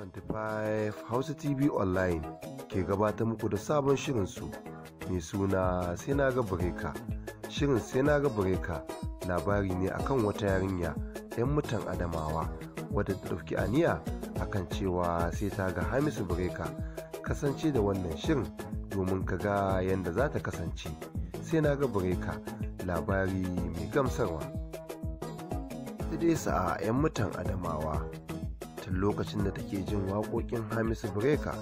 25 Hausa TV Online ke gabata muku da sabon shirinsu mai suna sai na ga bareka. Shirin sai na ga bareka labari ne akan wata yarinya 'yan mutan Adamawa wadda ta ɗauki aniya akan cewa sai ta ga Hamisu bareka. Kasance da wannan shirin domin ka ga yadda za ta kasance. Sai na ga bareka labari mai gamsarwa. Sai dai sa'a 'yan mutan Adamawa. tun lokacin da take jin waƙoƙin hamisu breka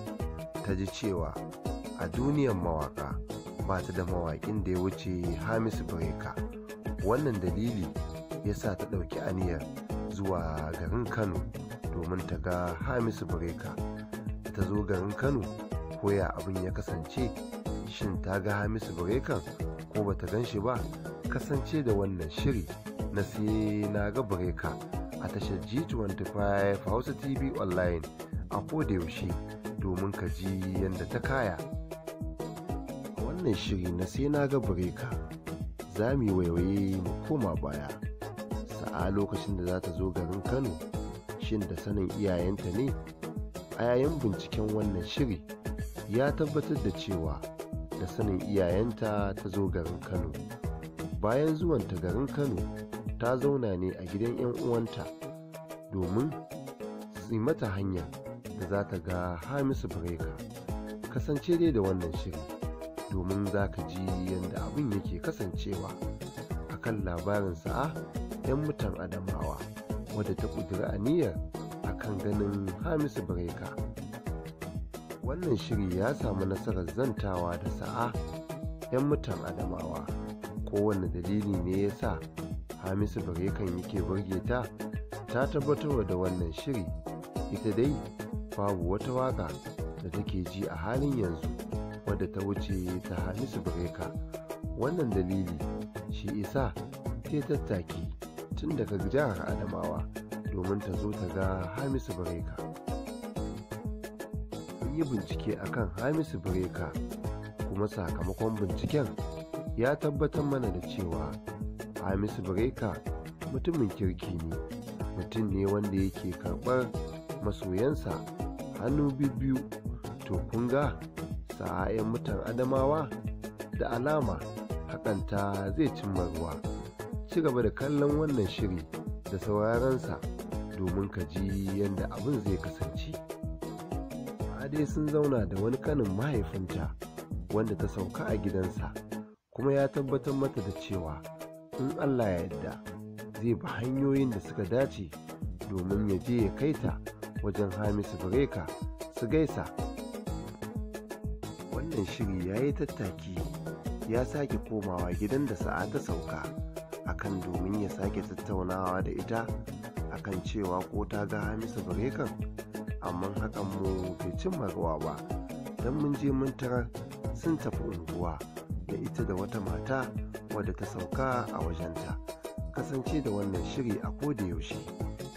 ta ji cewa a duniyar mawaƙa ba ta da mawaƙin da ya wuce hamisu breka wannan dalili ya sa ta ɗauki aniyar zuwa garin kano domin ta ga hamisu breka ta zo garin kano koya abin ya kasance shin ta ga hamisu Breka ko bata gan shi ba kasance da wannan shiri na sai na ga breka a tashar G25 Hausa TV online a kodayaushe domin ka ji yadda ta kaya. A wannan shiri na sai na ga bureka za mu waiwaye mu koma baya. Sa'a lokacin da za ta zo garin Kano shin da sanin iyayenta ne? A yayin binciken wannan shiri ya tabbatar da cewa da sanin iyayenta ta zo garin Kano. Bayan zuwanta garin Kano ta zauna ne a gidan 'yan uwanta domin su mata hanya da za ta ga hamisu breka kasance dai da wannan shiri domin za ka ji yadda abin yake kasancewa a kan labarin sa'a 'yan mutan adamawa wadda ta a aniyar a kan ganin hamisu breka wannan shiri ya samu nasarar zantawa da sa'a 'yan mutan adamawa kowane dalili ne ya sa hamisu kan yake burge ta ta tabbatarwa da wannan shiri ita dai babu wata waka da take ji a halin yanzu wadda ta wuce ta hamisu bareka wannan dalili shi isa ta tattaki tun daga jihar adamawa domin ta zo ta ga hamisu bareka. an yi bincike akan hamisu bareka kuma sakamakon binciken ya tabbatar mana da cewa hamisu bireka mutumin kirki ne mutum ne wanda yake karɓar masoyansa hannu biyu to kun ga mutan adamawa da alama hakanta zai cimma ruwa ci gaba da kallon wannan shiri da sauraronsa domin ka ji yadda abin zai kasance dai sun zauna da wani kanin mahaifinta wanda ta sauka a gidansa kuma ya tabbatar mata da cewa in allah ya yadda zai bi hanyoyin da suka dace domin ya je ya kai ta wajen hamisu bireka su gaisa wannan shiri ya yi tattaki ya sake komawa gidan da sa'a ta sauka akan domin ya sake tattaunawa da ita akan cewa ko ta ga hamisu birekan amma hakan mu bai cimma ruwa ba don mun je mun tarar sun tafi unguwa da ita da wata mata wadda ta sauka a wajenta kasance da wannan shiri a da yaushe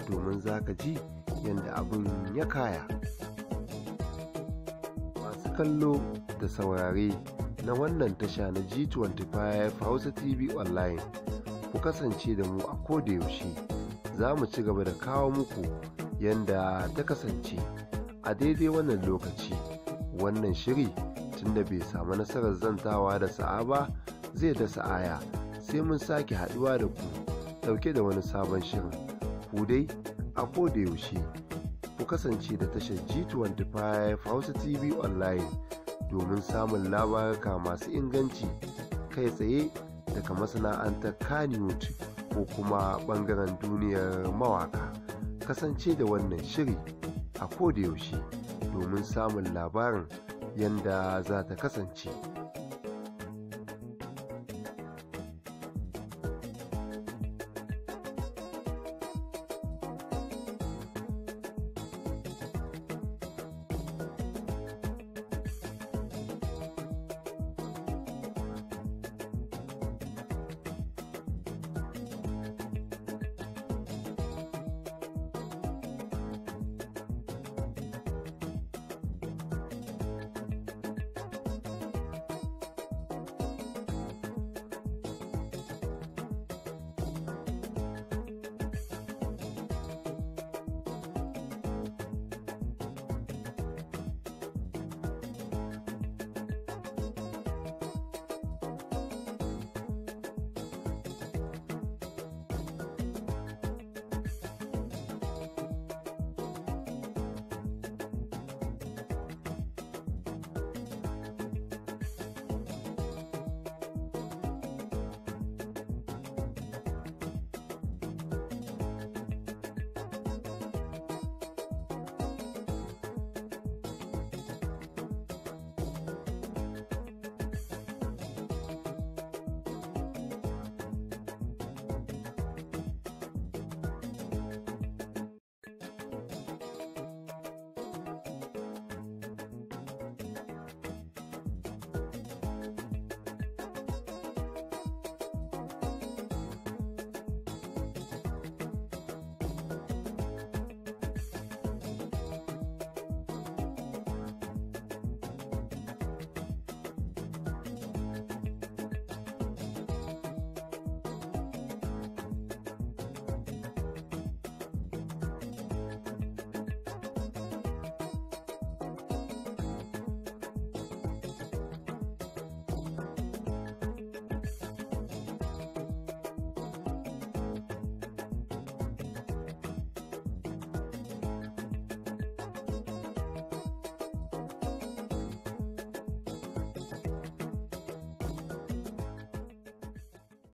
domin za ka ji yadda abin ya kaya masu kallo da saurare na wannan tasha na G25 Hausa TV online ku kasance da mu a da yaushe za mu ci gaba da kawo muku yadda ta kasance a daidai wannan lokaci wannan shiri lokacin da bai samu nasarar zantawa da sa'a ba zai da sa'aya sai mun sake haɗuwa da ku ɗauke da wani sabon shirin ku dai a da yaushe ku kasance da tashar G25 Hausa TV online domin samun labaruka masu inganci kai tsaye daga masana'antar Kannywood ko kuma ɓangaren duniyar mawaka kasance da wannan shiri a da yaushe domin samun labarin yanda za ta kasance